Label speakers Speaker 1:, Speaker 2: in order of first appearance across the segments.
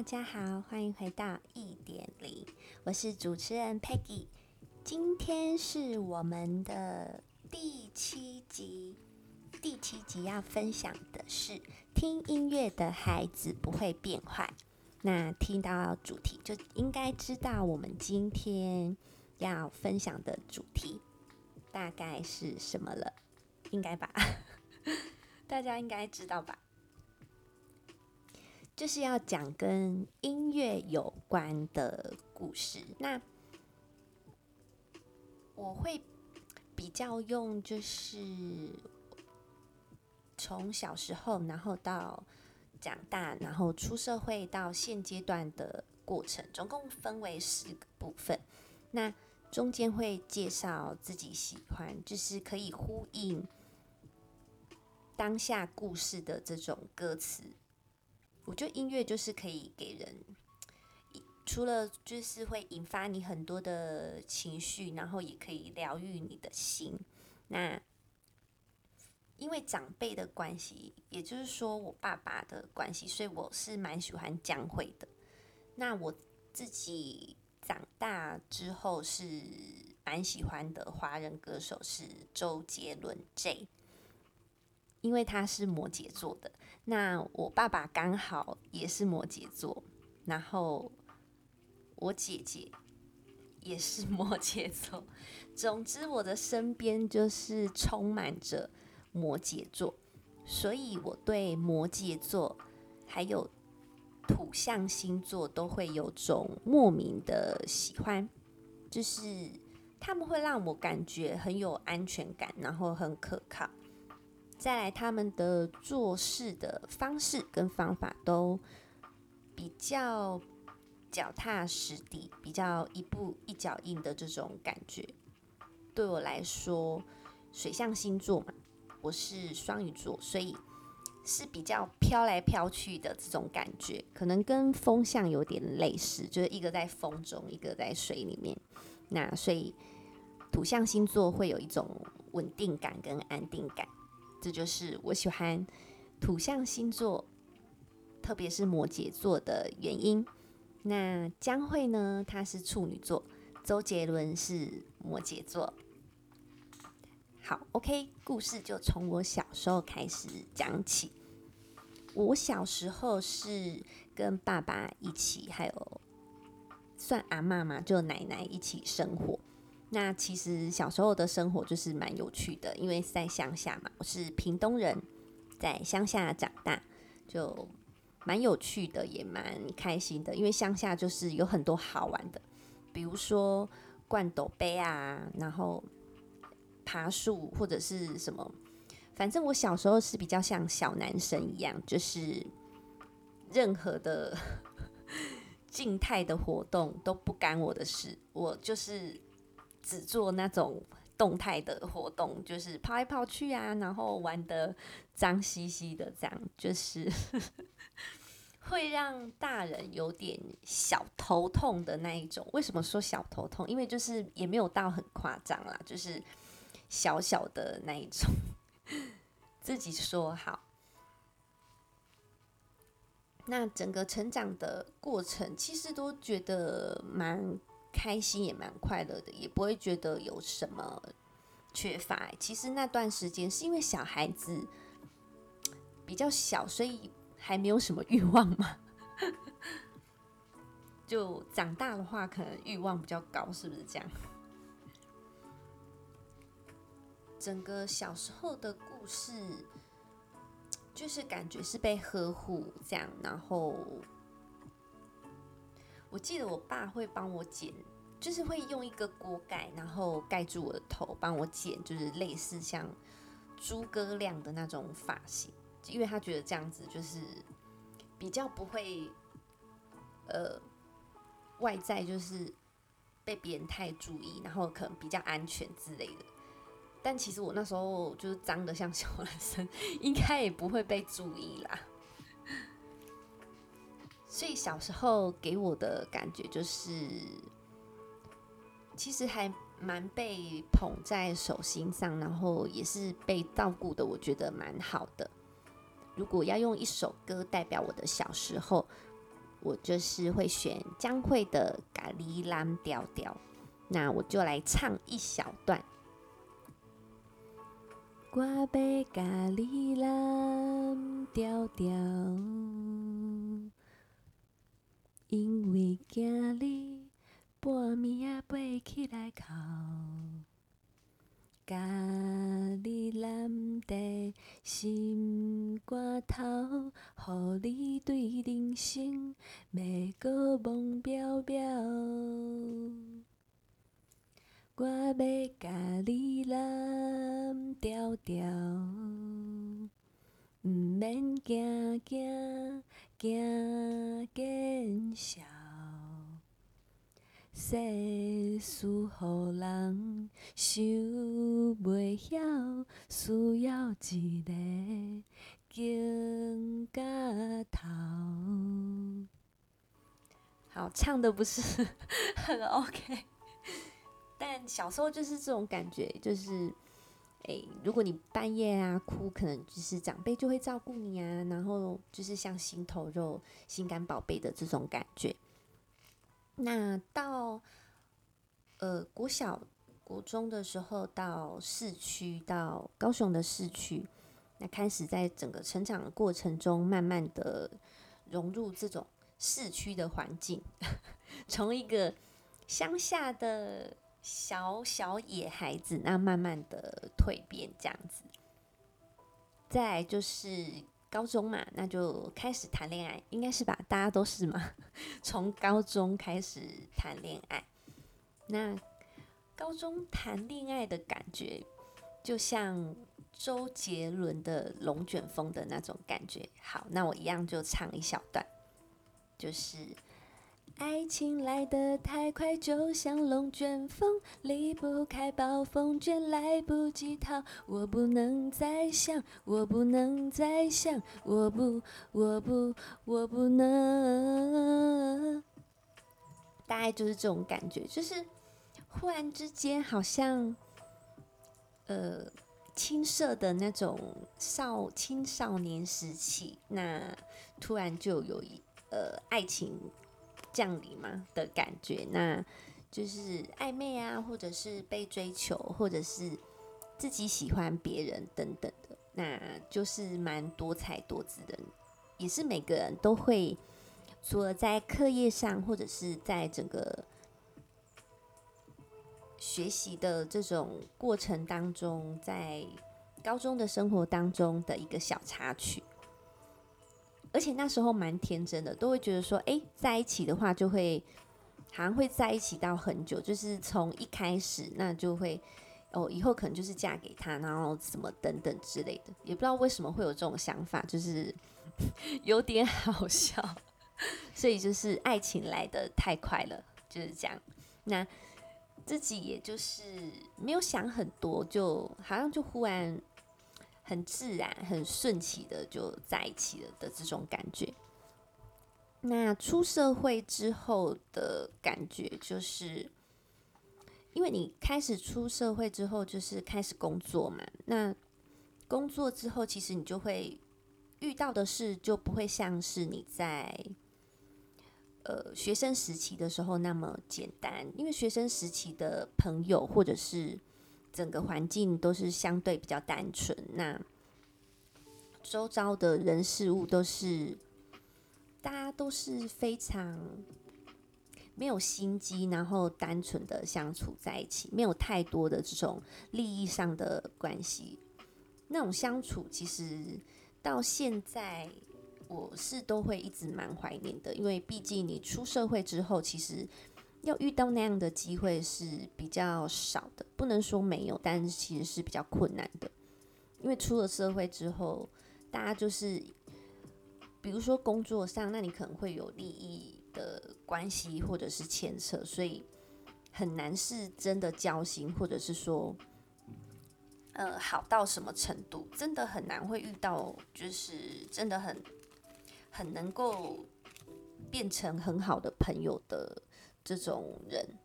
Speaker 1: 大家好，歡迎回到一點零，我是主持人 Peggy。今天是我們的第七集，第七集要分享的是聽音樂的孩子不會變壞。那聽到主題就應該知道我們今天要分享的主題大概是什麼了，應該吧？ 大家應該知道吧？就是要講跟音樂有關的故事。那我會比較用，就是從小時候，然後到長大，然後出社會到現階段的過程，總共分為十個部分。那中間會介紹自己喜歡，就是可以呼應當下故事的這種歌詞。我覺得音樂就是可以給人，除了就是會引發你很多的情緒，然後也可以療癒你的心。那因為長輩的關係，也就是說我爸爸的關係，所以我是蠻喜歡江蕙的。那我自己長大之後是蠻喜歡的華人歌手，是周杰倫 J，因為他是摩羯座的。那我爸爸剛好也是摩羯座，然後我姐姐也是摩羯座，總之我的身邊就是充滿着摩羯座，所以我對摩羯座還有土象星座都會有種莫名的喜歡，就是他們會讓我感覺很有安全感，然後很可靠。再來，他們的做事的方式跟方法都比較腳踏實地，比較一步一腳印的這種感覺。對我來說，水象星座嘛，我是雙魚座，所以是比較飄來飄去的這種感覺，可能跟風象有點類似，就是一個在風中，一個在水裡面。那所以土象星座會有一種穩定感跟安定感。這就是我喜歡土象星座，特別是摩羯座的原因。那江蕙呢？她是處女座，周杰倫是摩羯座。好，OK，故事就從我小時候開始講起。我小時候是跟爸爸一起，還有算阿嬤嘛，就奶奶一起生活。那其實小時候的生活就是蠻有趣的，因為在鄉下嘛。我是屏東人，在鄉下長大，就蠻有趣的，也蠻開心的。因為鄉下就是有很多好玩的，比如說灌斗杯啊，然後爬樹或者是什麼。反正我小時候是比較像小男生一樣，就是任何的靜 態的活動都不干我的事，我就是。只做那種動態的活動，就是跑來跑去啊，然後玩得髒兮兮的，這樣就是會讓大人有點小頭痛的那一種。為什麼說小頭痛？因為就是也沒有到很誇張啦，就是小小的那一種。自己說好。那整個成長的過程，其實都覺得蠻。開心也蠻快樂的，也不會覺得有什麼缺乏。其實那段時間是因為小孩子比較小，所以還沒有什麼欲望嘛。 就長大的話，可能欲望比較高，是不是這樣？整個小時候的故事，就是感覺是被呵護這樣，然後。我記得我爸會幫我剪，就是會用一個鍋蓋，然後蓋住我的頭，幫我剪，就是類似像豬哥亮的那種髮型，因為他覺得這樣子就是比較不會，呃，外在就是被別人太注意，然後可能比較安全之類的。但其實我那時候就是髒的像小男生，應該也不會被注意啦。所以小時候給我的感覺就是，其實還蠻被捧在手心上，然後也是被照顧的，我覺得蠻好的。如果要用一首歌代表我的小時候，我就是會選江蕙的《甲你攬牢牢》。那我就來唱一小段。
Speaker 2: 我杯甲你攬牢牢。因為驚你半暝仔爬起來哭，甲你攬在心肝頭，互你對人生每個夢標標，我要甲你攬牢牢，毋免驚驚驚。小世事，何人想不曉，需要一個窮加
Speaker 1: 頭。好，唱的不是很 OK，但小時候就是這種感覺，就是。誒，如果你半夜啊哭，可能就是長輩就會照顧你啊，然後就是像心頭肉、心肝寶貝的這種感覺。那到呃國小、國中的時候，到市區，到高雄的市區，那開始在整個成長的過程中，慢慢的融入這種市區的環境，呵呵從一個鄉下的。小小野孩子，那慢慢的蛻變，這樣子。再就是高中嘛，那就開始談戀愛，應該是吧？大家都是嘛，從高中開始談戀愛。那高中談戀愛的感覺，就像周杰倫的《龍捲風》的那種感覺。好，那我一樣就唱一小段，就是。愛情來得太
Speaker 2: 快，就像龍捲風，離不開暴風圈，來不及逃。我不能再想，我不能再想，我不，我
Speaker 1: 不，我不能。大概就是這種感覺，就是忽然之間，好像呃，青澀的那種少青少年時期，那突然就有一，呃，愛情。降臨嗎的感覺，那就是曖昧啊，或者是被追求，或者是自己喜歡別人等等的，那就是蠻多才多姿的，也是每個人都會。除了在課業上，或者是在整個學習的這種過程當中，在高中的生活當中的一個小插曲。而且那時候蠻天真的，都會覺得說，誒，在一起的話就會好像會在一起到很久，就是從一開始那就會，哦，以後可能就是嫁給他，然後什麼等等之類的，也不知道為什麼會有這種想法，就是 有點好笑。 所以就是愛情來得太快了，就是這樣。那自己也就是沒有想很多，就好像就忽然。很自然、很順其的就在一起了的，的這種感覺。那出社會之後的感覺，就是因為你開始出社會之後，就是開始工作嘛。那工作之後，其實你就會遇到的事就不會像是你在呃學生時期的時候那麼簡單。因為學生時期的朋友，或者是整個環境都是相對比較單純，那周遭的人事物都是，大家都是非常沒有心機，然後單純的相處在一起，沒有太多的這種利益上的關係。那種相處，其實到現在我是都會一直蠻懷念的，因為畢竟你出社會之後，其實。要遇到那樣的機會是比較少的，不能說沒有，但其實是比較困難的。因為出了社會之後，大家就是，比如說工作上，那你可能會有利益的關係或者是牽扯，所以很難是真的交心，或者是說，呃，好到什麼程度，真的很難會遇到，就是真的很很能夠變成很好的朋友的這種人，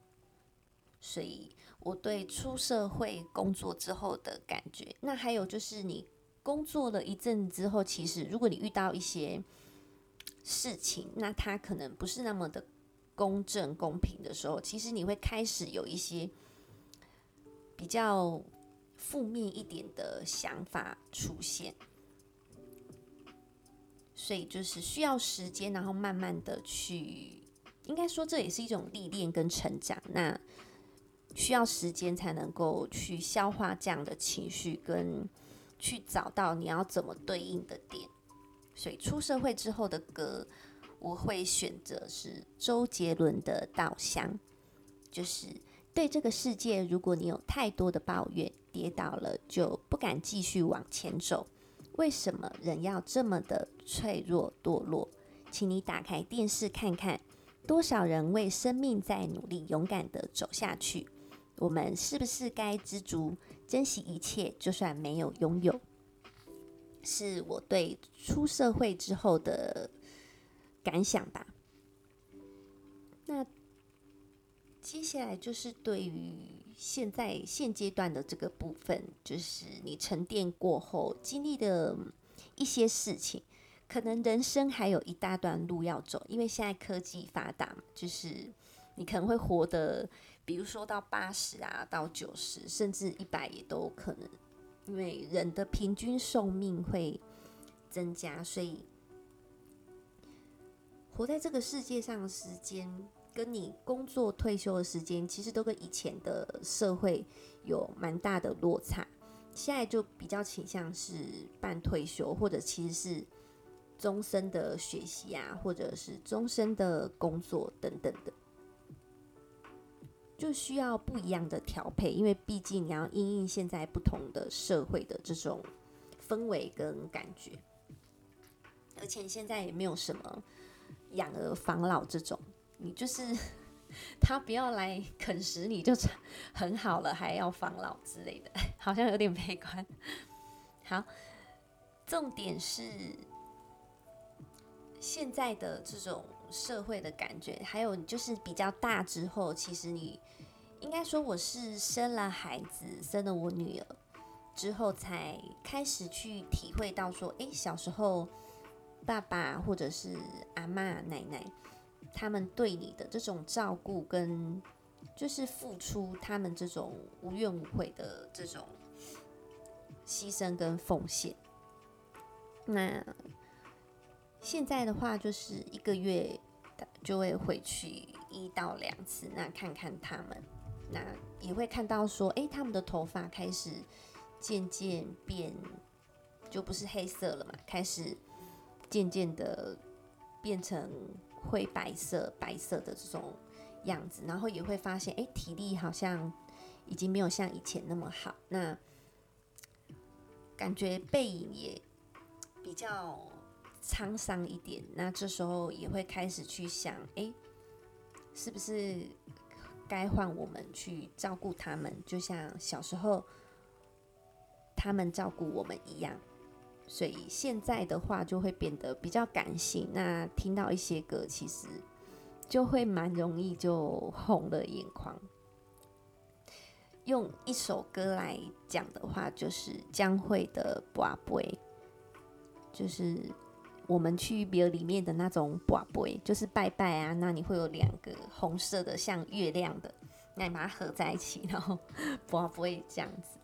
Speaker 1: 所以我對出社會工作之後的感覺。那還有就是，你工作了一陣之後，其實如果你遇到一些事情，那他可能不是那麼的公正公平的時候，其實你會開始有一些比較負面一點的想法出現。所以就是需要時間，然後慢慢的去。應該說，這也是一種歷練跟成長。那需要時間才能夠去消化這樣的情緒，跟去找到你要怎麼對應的點。所以，出社會之後的歌，我會選擇是周杰倫的《稻香》，就是對這個世界，如果你有太多的抱怨，跌倒了就不敢繼續往前走。為什麼人要這麼的脆弱墮落？請你打開電視看看。多少人為生命在努力，勇敢的走下去。我們是不是該知足，珍惜一切，就算沒有擁有？是我對出社會之後的感想吧。那接下來就是對於現在現階段的這個部分，就是你沉澱過後經歷的一些事情。可能人生還有一大段路要走，因為現在科技發達嘛，就是你可能會活得，比如說到八十啊，到九十，甚至一百也都可能，因為人的平均壽命會增加，所以活在這個世界上的時間，跟你工作退休的時間，其實都跟以前的社會有蠻大的落差。現在就比較傾向是半退休，或者其實是。終身的學習啊，或者是終身的工作等等的，就需要不一樣的調配，因為畢竟你要因應現在不同的社會的這種氛圍跟感覺，而且現在也沒有什麼養兒防老這種，你就是他不要來啃食你就很好了，還要防老之類的，好像有點悲觀。好，重點是。現在的這種社會的感覺，還有就是比較大之後，其實你應該說我是生了孩子，生了我女兒之後，才開始去體會到說，誒，小時候爸爸或者是阿嬤奶奶他們對你的這種照顧跟就是付出，他們這種無怨無悔的這種犧牲跟奉獻，那。現在的話，就是一個月，就會回去一到兩次，那看看他們，那也會看到說，哎、欸，他們的頭髮開始漸漸變，就不是黑色了嘛，開始漸漸的變成灰白色、白色的這種樣子，然後也會發現，哎、欸，體力好像已經沒有像以前那麼好，那感覺背影也比較。滄桑一點，那這時候也會開始去想，哎，是不是該換我們去照顧他們？就像小時候他們照顧我們一樣。所以現在的話，就會變得比較感性。那聽到一些歌，其實就會蠻容易就紅了眼眶。用一首歌來講的話就是江蕙的博杯，就是江蕙的《博杯》，就是。我們去，比裡面的那種“啵啵”，就是拜拜啊。那你會有兩個紅色的，像月亮的，那你把它合在一起，然後“啵啵”這樣子。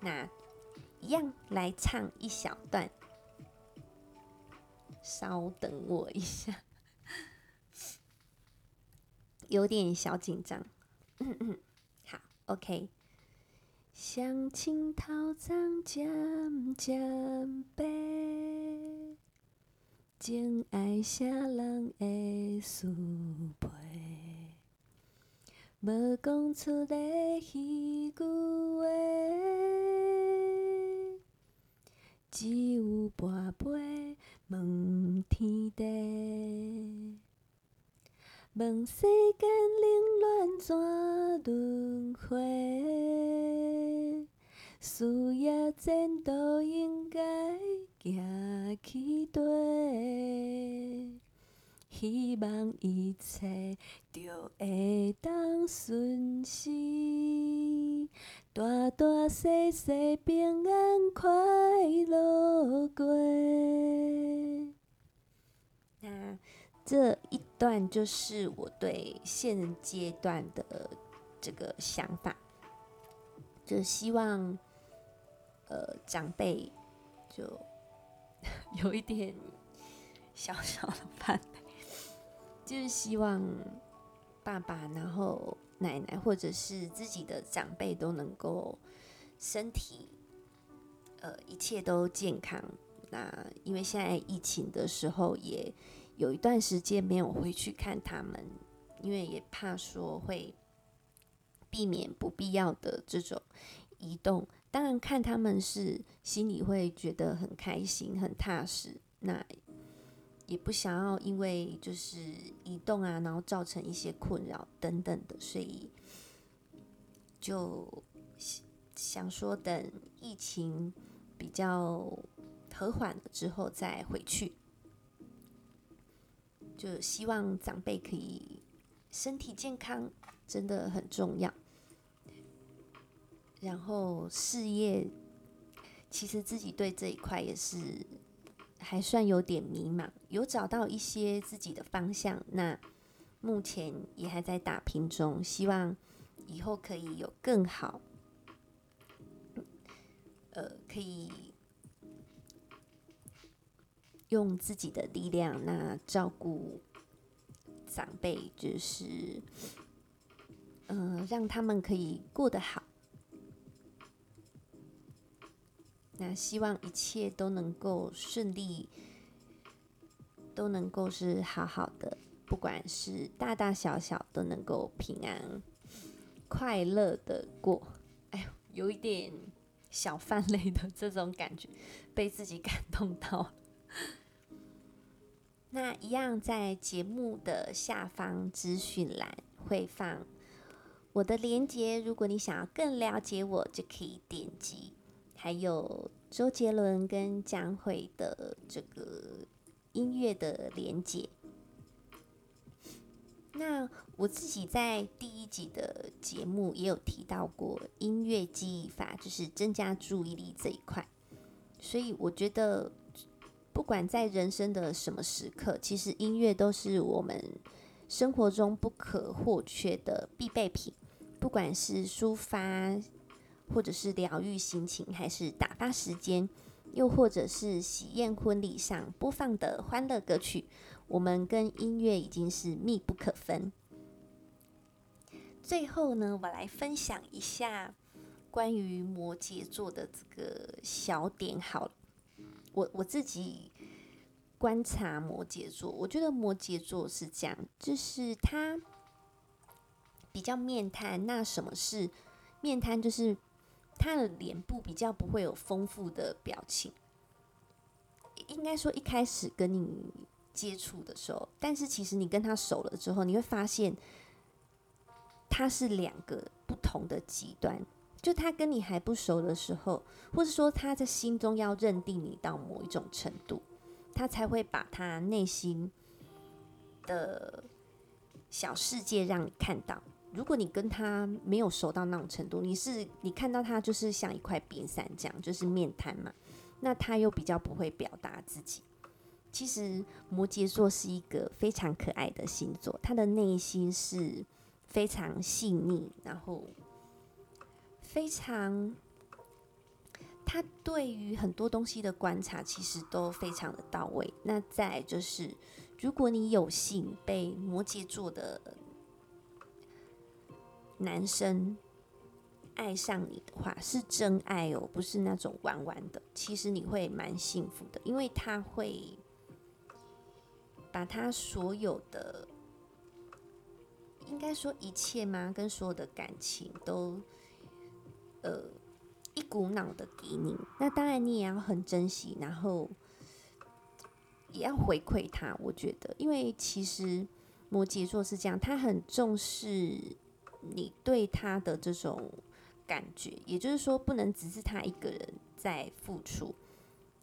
Speaker 1: 那一樣來唱一小段，稍等我一下，有點小緊張。 嗯嗯，好，OK。鄉清頭
Speaker 2: 張，加加杯。情愛啥人會輸贏？無講出的那句話，只有博杯問天地，問世間冷暖怎輪迴？事業前途應該。行起對，希望一切就會當順序，大大小小平安快樂過。
Speaker 1: 那這一段就是我對現階段的、呃、這個想法，就希望，呃，長輩就。有一點小小的盼，就是希望爸爸、然後奶奶或者是自己的長輩都能夠身體呃一切都健康。那因為現在疫情的時候，也有一段時間沒有回去看他們，因為也怕說會避免不必要的這種移動。當然，看他們是心裡會覺得很開心、很踏實。那也不想要因為就是移動啊，然後造成一些困擾等等的，所以就想說等疫情比較和緩了之後再回去。就希望長輩可以身體健康，真的很重要。然後事業，其實自己對這一塊也是還算有點迷茫，有找到一些自己的方向。那目前也還在打拼中，希望以後可以有更好，呃，可以用自己的力量，那照顧長輩，就是嗯、呃，讓他們可以過得好。希望一切都能夠順利，都能夠是好好的，不管是大大小小都能夠平安快樂的過。哎呦，有一點小泛淚的這種感覺，被自己感動到。 那一樣在節目的下方資訊欄會放我的連結，如果你想要更了解我，就可以點擊，還有。周杰倫跟江蕙的這個音樂的連接，那我自己在第一集的節目也有提到過音樂記憶法，就是增加注意力這一塊。所以我覺得，不管在人生的什麼時刻，其實音樂都是我們生活中不可或缺的必備品，不管是抒發。或者是療癒心情，還是打發時間，又或者是喜宴婚禮上播放的歡樂歌曲，我們跟音樂已經是密不可分。最後呢，我來分享一下關於摩羯座的這個小點好了。我我自己觀察摩羯座，我覺得摩羯座是這樣，就是他比較面癱。那什麼是面癱？就是他的臉部比較不會有豐富的表情，應該說一開始跟你接觸的時候，但是其實你跟他熟了之後，你會發現他是兩個不同的極端。就他跟你還不熟的時候，或是說他在心中要認定你到某一種程度，他才會把他內心的小世界讓你看到。如果你跟他沒有熟到那種程度，你是你看到他就是像一塊冰山這樣，就是面癱嘛。那他又比較不會表達自己。其實摩羯座是一個非常可愛的星座，他的內心是非常細膩，然後非常他對於很多東西的觀察其實都非常的到位。那再就是如果你有幸被摩羯座的男生愛上你的話是真愛哦，不是那種玩玩的。其實你會蠻幸福的，因為他會把他所有的，應該說一切嗎？跟所有的感情都，呃，一股腦的給你。那當然，你也要很珍惜，然後也要回饋他。我覺得，因為其實摩羯座是這樣，他很重視。你對他的這種感覺，也就是說，不能只是他一個人在付出。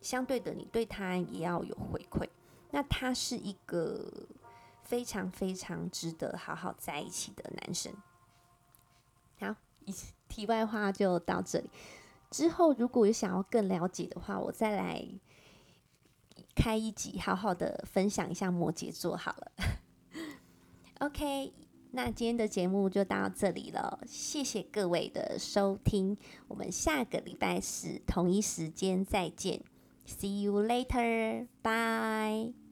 Speaker 1: 相對的，你對他也要有回饋。那他是一個非常非常值得好好在一起的男生。好，題外話就到這裡。之後如果有想要更了解的話，我再來開一集，好好的分享一下摩羯座。好了 ，OK。那今天的節目就到這裡了，謝謝各位的收聽，我們下個禮拜四同一時間再見，See you later, bye.